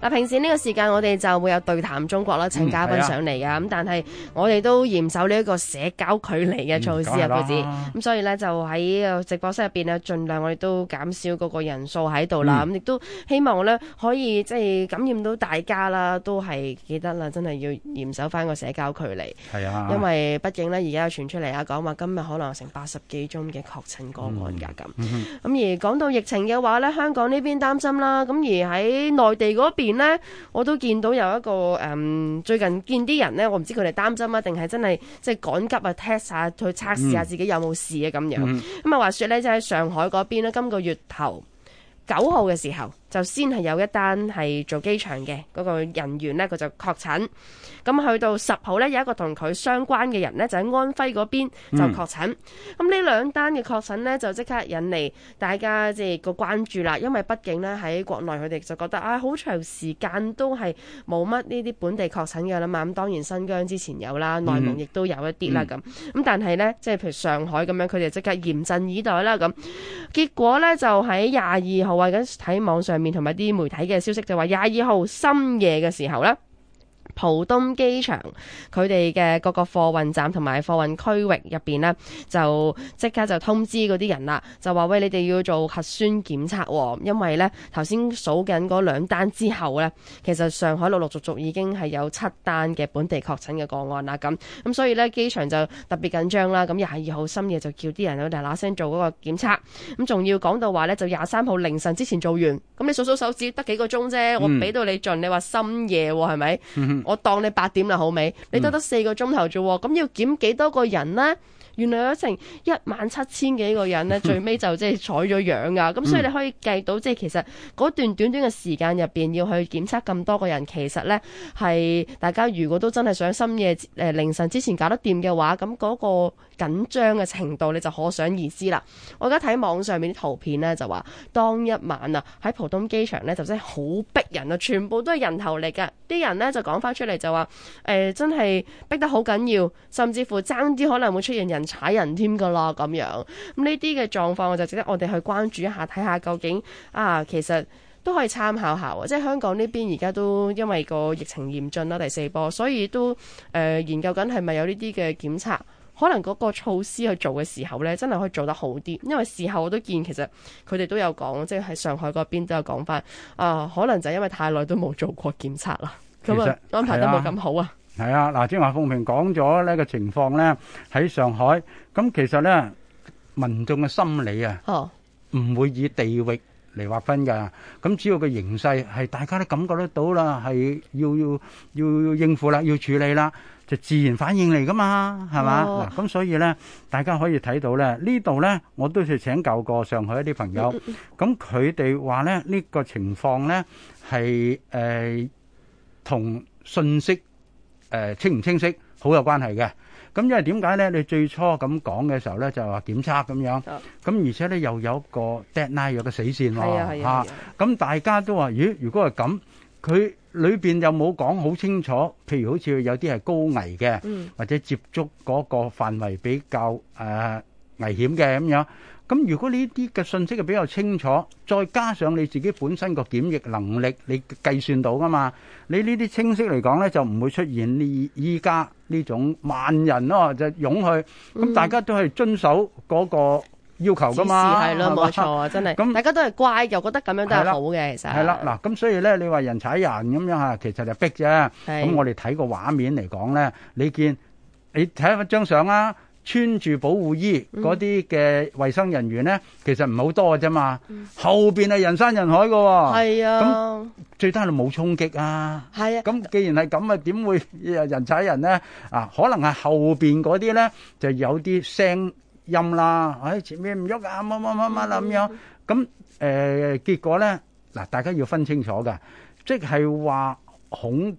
嗱，平時呢個時間我哋就會有對談中國啦，請嘉賓上嚟噶，咁、嗯啊、但係我哋都嚴守呢一個社交距離嘅措施啊，報紙咁，所以呢，就喺直播室入邊咧，盡量我哋都減少嗰個人數喺度啦，咁亦、嗯嗯、都希望呢，可以即係感染到大家啦，都係記得啦，真係要嚴守翻個社交距離，係啊、嗯，嗯、因為畢竟呢，而家傳出嚟啊，講話今日可能有成八十幾宗嘅確診個案噶咁，咁而講到疫情嘅話呢，香港呢邊擔心啦，咁而喺內地嗰邊。之前咧，我都見到有一個誒、嗯，最近見啲人咧，我唔知佢哋擔心啊，定係真係即係趕急啊，test 下去測試下自己有冇事啊咁樣。咁啊、嗯，話說呢，就喺上海嗰邊咧，今個月頭九號嘅時候。就先係有一單係做機場嘅個人員咧，佢就確診，咁去到十號咧，有一個同佢相關嘅人咧，就喺安徽嗰邊就確診，咁呢兩單嘅確診咧，就即刻引嚟大家即係個關注啦。因為畢竟咧喺國內，佢哋就覺得啊，好長時間都係冇乜呢啲本地確診嘅啦嘛。咁當然新疆之前有啦，內蒙亦都有一啲啦咁。咁但係咧，即係譬如上海咁樣，佢哋即刻嚴陣以待啦咁。結果咧就喺廿二號啊，喺網上。面同埋啲媒體嘅消息就話廿二號深夜嘅時候咧。浦東機場佢哋嘅各個貨運站同埋貨運區域入邊呢，就即刻就通知嗰啲人啦，就話喂，你哋要做核酸檢測喎，因為呢頭先數緊嗰兩單之後呢，其實上海陸陸續續已經係有七單嘅本地確診嘅個案啦，咁咁所以呢機場就特別緊張啦，咁廿二號深夜就叫啲人嗰啲人嗱嗱聲做嗰個檢測，咁仲要講到話呢，就廿三號凌晨之前做完，咁你數數手指得幾個鐘啫，我俾到你盡，你話深夜喎係咪？ 我當你八點啦，好未？你得得四個鐘頭啫喎，咁、嗯、要檢幾多個人呢？原來有成一萬七千幾個人呢，最尾就即係採咗樣㗎。咁 所以你可以計到，即係其實嗰段短短嘅時間入邊要去檢測咁多個人，其實呢，係大家如果都真係想深夜誒、呃、凌晨之前搞得掂嘅話，咁嗰、嗰個。緊張嘅程度你就可想而知啦。我而家睇網上面啲圖片呢，就話當一晚啊喺浦東機場呢，就真係好逼人啊！全部都係人頭嚟嘅，啲人呢，就講返出嚟就話誒、呃，真係逼得好緊要，甚至乎爭啲可能會出現人踩人添㗎囉咁樣。咁呢啲嘅狀況就值得我哋去關注一下，睇下究竟啊，其實都可以參考下喎。即係香港呢邊而家都因為個疫情嚴峻啦，第四波，所以都誒、呃、研究緊係咪有呢啲嘅檢測。可能嗰個措施去做嘅時候呢，真係可以做得好啲。因為事後我都見其實佢哋都有講，即係喺上海嗰邊都有講翻啊，可能就係因為太耐都冇做過檢測啦，咁啊實安排得冇咁、啊、好啊。係啊，嗱，之前華鳳平講咗呢個情況呢，喺上海，咁其實呢，民眾嘅心理啊，唔、哦、會以地域嚟劃分㗎。咁只要個形勢係大家都感覺得到啦，係要要要要，要應付啦，要處理啦。就自然反應嚟噶嘛，係嘛？嗱，咁所以咧，大家可以睇到咧，呢度咧，我都係請教過上海一啲朋友，咁佢哋話咧，呢個情況咧係誒同信息誒清唔清晰好有關係嘅。咁因為點解咧？你最初咁講嘅時候咧，就係話檢測咁樣，咁而且咧又有一個 deadline 嘅死線喎，係呀係呀，嚇。咁大家都話：咦，如果係咁？佢裏邊又冇講好清楚，譬如好似有啲係高危嘅，嗯、或者接觸嗰個範圍比較誒、呃、危險嘅咁樣。咁如果呢啲嘅信息係比較清楚，再加上你自己本身個檢疫能力，你計算到噶嘛？你呢啲清晰嚟講呢，就唔會出現呢依家呢種萬人咯、哦，就湧去咁，大家都係遵守嗰、那個。要求噶嘛，冇錯，真係，咁大家都係乖嘅，我覺得咁樣都係好嘅，其實。係啦，嗱，咁所以咧，你話人踩人咁樣嚇，其實就逼啫。係。咁我哋睇個畫面嚟講咧，你見你睇一張相啦，穿住保護衣嗰啲嘅衞生人員咧，其實唔係好多嘅啫嘛。後邊係人山人海㗎喎。係啊。咁最低限度冇衝擊啊。係啊。咁既然係咁啊，點會人踩人咧？啊，可能係後邊嗰啲咧就有啲聲。陰啦，唉、哎，前面唔喐啊，乜乜乜乜啦咁樣，咁誒、呃、結果咧，嗱大家要分清楚嘅，即係話恐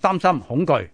擔心、恐懼、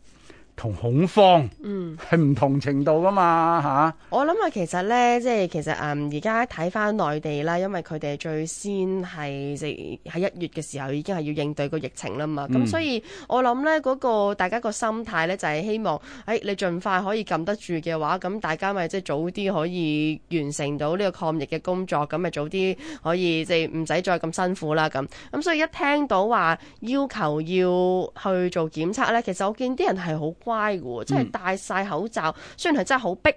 同恐慌，嗯，係唔同程度噶嘛吓，啊、我諗啊，其實咧，即係其實誒而家睇翻內地啦，因為佢哋最先係即係喺一月嘅時候已經係要應對個疫情啦嘛。咁、嗯、所以我，我諗咧嗰個大家個心態咧就係、是、希望，誒、哎、你盡快可以撳得住嘅話，咁大家咪即係早啲可以完成到呢個抗疫嘅工作，咁咪早啲可以即係唔使再咁辛苦啦咁。咁所以一聽到話要求要去做檢測咧，其實我見啲人係好。乖嘅，真係戴晒口罩，雖然係真係好逼。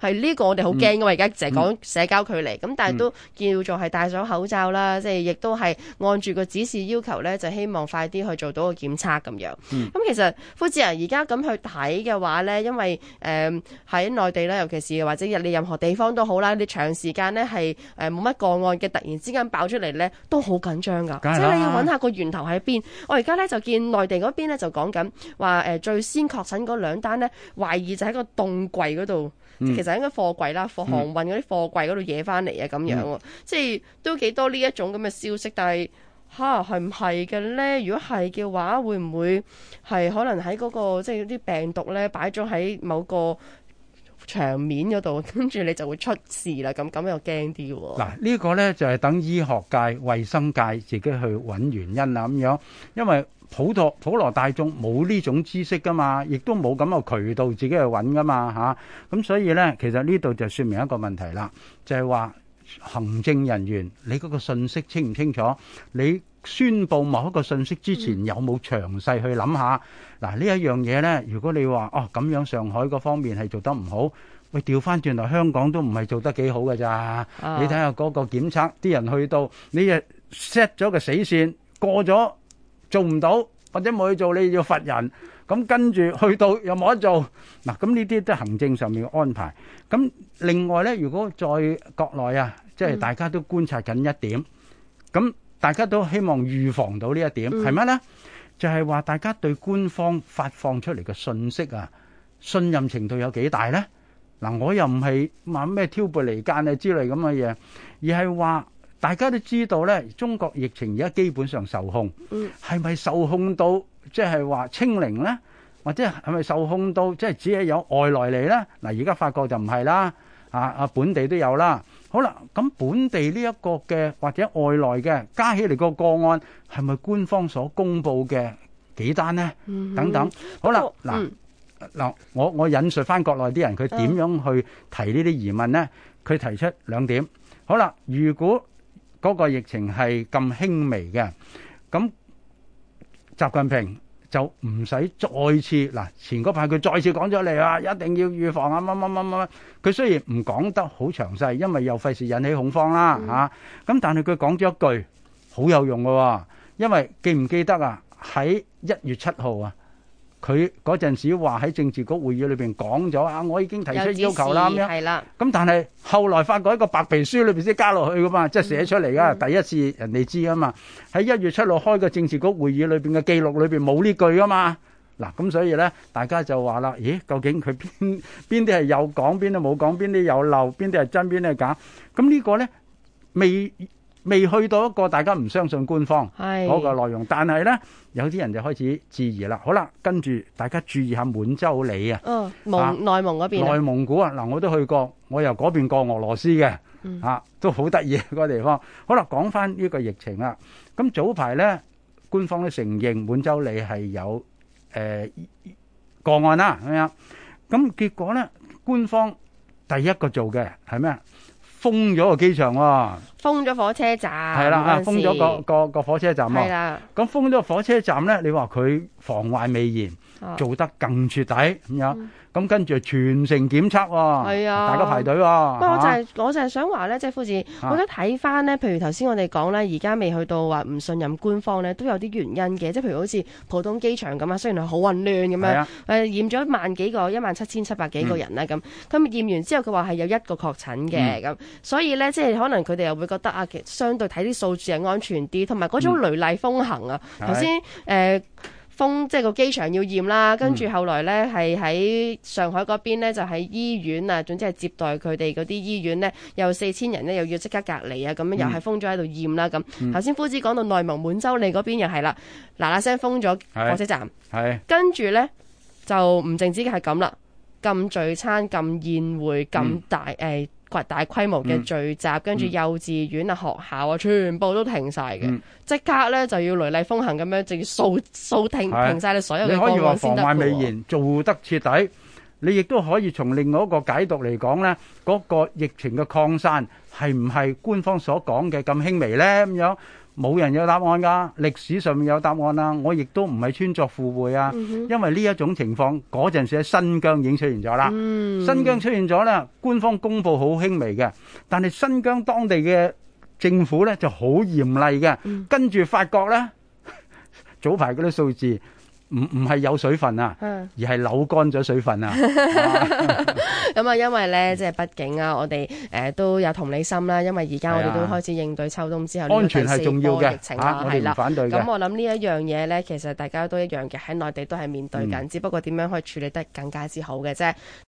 係呢個我哋好驚噶嘛，而家淨係講社交距離咁，嗯、但係都叫做係戴上口罩啦，即係亦都係按住個指示要求咧，就希望快啲去做到個檢測咁樣。咁、嗯嗯、其實，夫子人而家咁去睇嘅話咧，因為誒喺內地咧，尤其是或者你任何地方都好啦，你長時間咧係誒冇乜個案嘅，突然之間爆出嚟，咧都好緊張噶，即係你要揾下個源頭喺邊。我而家咧就見內地嗰邊咧就講緊話，誒最先確診嗰兩單咧懷疑就喺個凍櫃嗰度。嗯、其實應該貨櫃啦，貨航運嗰啲貨櫃嗰度嘢翻嚟啊，咁樣喎，即係都幾多呢一種咁嘅消息。但係，嚇，係唔係嘅咧？如果係嘅話，會唔會係可能喺嗰、那個即係啲病毒咧擺咗喺某個場面嗰度，跟住你就會出事啦？咁咁又驚啲喎。嗱、啊這個、呢個咧就係、是、等醫學界、衞生界自己去揾原因啦，咁樣，因為，普陀普羅大眾冇呢種知識㗎嘛，亦都冇咁嘅渠道自己去揾㗎嘛吓。咁、啊啊、所以咧，其實呢度就説明一個問題啦，就係、是、話行政人員你嗰個信息清唔清楚？你宣佈某一個信息之前有冇詳細去諗下？嗱、啊、呢一樣嘢咧，如果你話哦咁樣上海嗰方面係做得唔好，喂調翻轉嚟香港都唔係做得幾好㗎咋、啊？你睇下嗰個檢測，啲人去到你誒 set 咗個死線過咗。做唔到或者冇去做，你要罰人。咁跟住去到又冇得做，嗱咁呢啲都行政上面嘅安排。咁另外呢，如果在國內啊，即係大家都觀察緊一點，咁大家都希望預防到呢一點，係乜呢？就係話大家對官方發放出嚟嘅信息啊，信任程度有幾大呢？嗱，我又唔係話咩挑撥離間啊之類咁嘅嘢，而係話。大家都知道咧，中國疫情而家基本上受控，係咪受控到即係話清零咧？或者係咪受控到即係只係有外來嚟咧？嗱，而家法國就唔係啦，啊啊本地都有啦。好啦，咁本地呢一個嘅或者外來嘅加起嚟個個案係咪官方所公布嘅幾單咧？等等。好啦，嗱嗱，我我引述翻國內啲人佢點樣去提呢啲疑問咧？佢提出兩點。好啦，如果嗰個疫情係咁輕微嘅，咁習近平就唔使再次嗱，前嗰排佢再次講咗嚟啦，一定要預防啊，乜乜乜乜乜，佢雖然唔講得好詳細，因為又費事引起恐慌啦嚇，咁但係佢講咗一句好有用嘅，因為記唔記得啊？喺一月七號啊！佢嗰陣時話喺政治局會議裏邊講咗啊，我已經提出要求啦，咁樣咁但係後來發覺一個白皮書裏邊先加落去噶嘛，即係寫出嚟噶，第一次人哋知啊嘛。喺一月七號開個政治局會議裏邊嘅記錄裏邊冇呢句噶嘛，嗱咁所以咧大家就話啦，咦究竟佢邊邊啲係有講邊啲冇講，邊啲有漏，邊啲係真邊啲係假？咁呢個咧未。未去到一個大家唔相信官方嗰個內容，是但係呢，有啲人就開始質疑啦。好啦，跟住大家注意下滿洲里、哦、啊，蒙內蒙嗰邊、啊、內蒙古啊嗱，我都去過，我由嗰邊過俄羅斯嘅嚇、啊，都好得意嗰地方。好啦，講翻呢個疫情啦。咁早排呢，官方都承認滿洲里係有誒、呃、個案啦、啊，咁樣咁結果呢，官方第一個做嘅係咩？封咗個機場喎、啊。封咗火車站，係啦，封咗個個個火車站啊！咁封咗火車站咧，你話佢防患未然，做得更徹底咁樣。咁跟住全城檢測喎，係啊，大家排隊喎。我就係我就係想話咧，即係夫子，我覺得睇返咧，譬如頭先我哋講咧，而家未去到話唔信任官方咧，都有啲原因嘅。即係譬如好似普通機場咁啊，雖然係好混亂咁樣，誒驗咗萬幾個，一萬七千七百幾個人咧咁，咁驗完之後佢話係有一個確診嘅咁，所以咧即係可能佢哋又會覺得啊，其實相對睇啲數字係安全啲，同埋嗰種雷厲風行啊！頭先誒封，即係個機場要驗啦，跟住後來呢，係喺上海嗰邊呢，就喺醫院啊，總之係接待佢哋嗰啲醫院呢，又四千人呢，又要即刻隔離啊，咁樣又係封咗喺度驗啦。咁頭先夫子講到內蒙古滿洲里嗰邊又係啦，嗱嗱聲封咗火車站，係、嗯、跟住呢，就唔淨止係咁啦，咁聚餐、咁宴會、咁大誒。嗯呃掘大規模嘅聚集，跟住幼稚園啊、學校啊，全部都停晒嘅，即、嗯、刻咧就要雷厲風行咁樣，就要掃掃停停晒你所有嘢。你可以話防患未然，做得徹底。你亦都可以從另外一個解讀嚟講咧，嗰、那個疫情嘅擴散係唔係官方所講嘅咁輕微咧？咁樣。冇人有答案噶，歷史上面有答案啦。我亦都唔係穿鑿附會啊，因為呢一種情況嗰陣時喺新疆已經出現咗啦。新疆出現咗啦，官方公佈好輕微嘅，但係新疆當地嘅政府呢，就好嚴厲嘅。跟住發覺呢，早排嗰啲數字。唔唔係有水分啊，而係扭乾咗水分啊。咁啊，因為呢，即係畢竟啊，我哋誒、呃、都有同理心啦。因為而家我哋都開始應對秋冬之後呢，安全係重要嘅，疫情啦，係啦。咁我諗呢一樣嘢呢，其實大家都一樣嘅，喺內地都係面對緊，嗯、只不過點樣可以處理得更加之好嘅啫。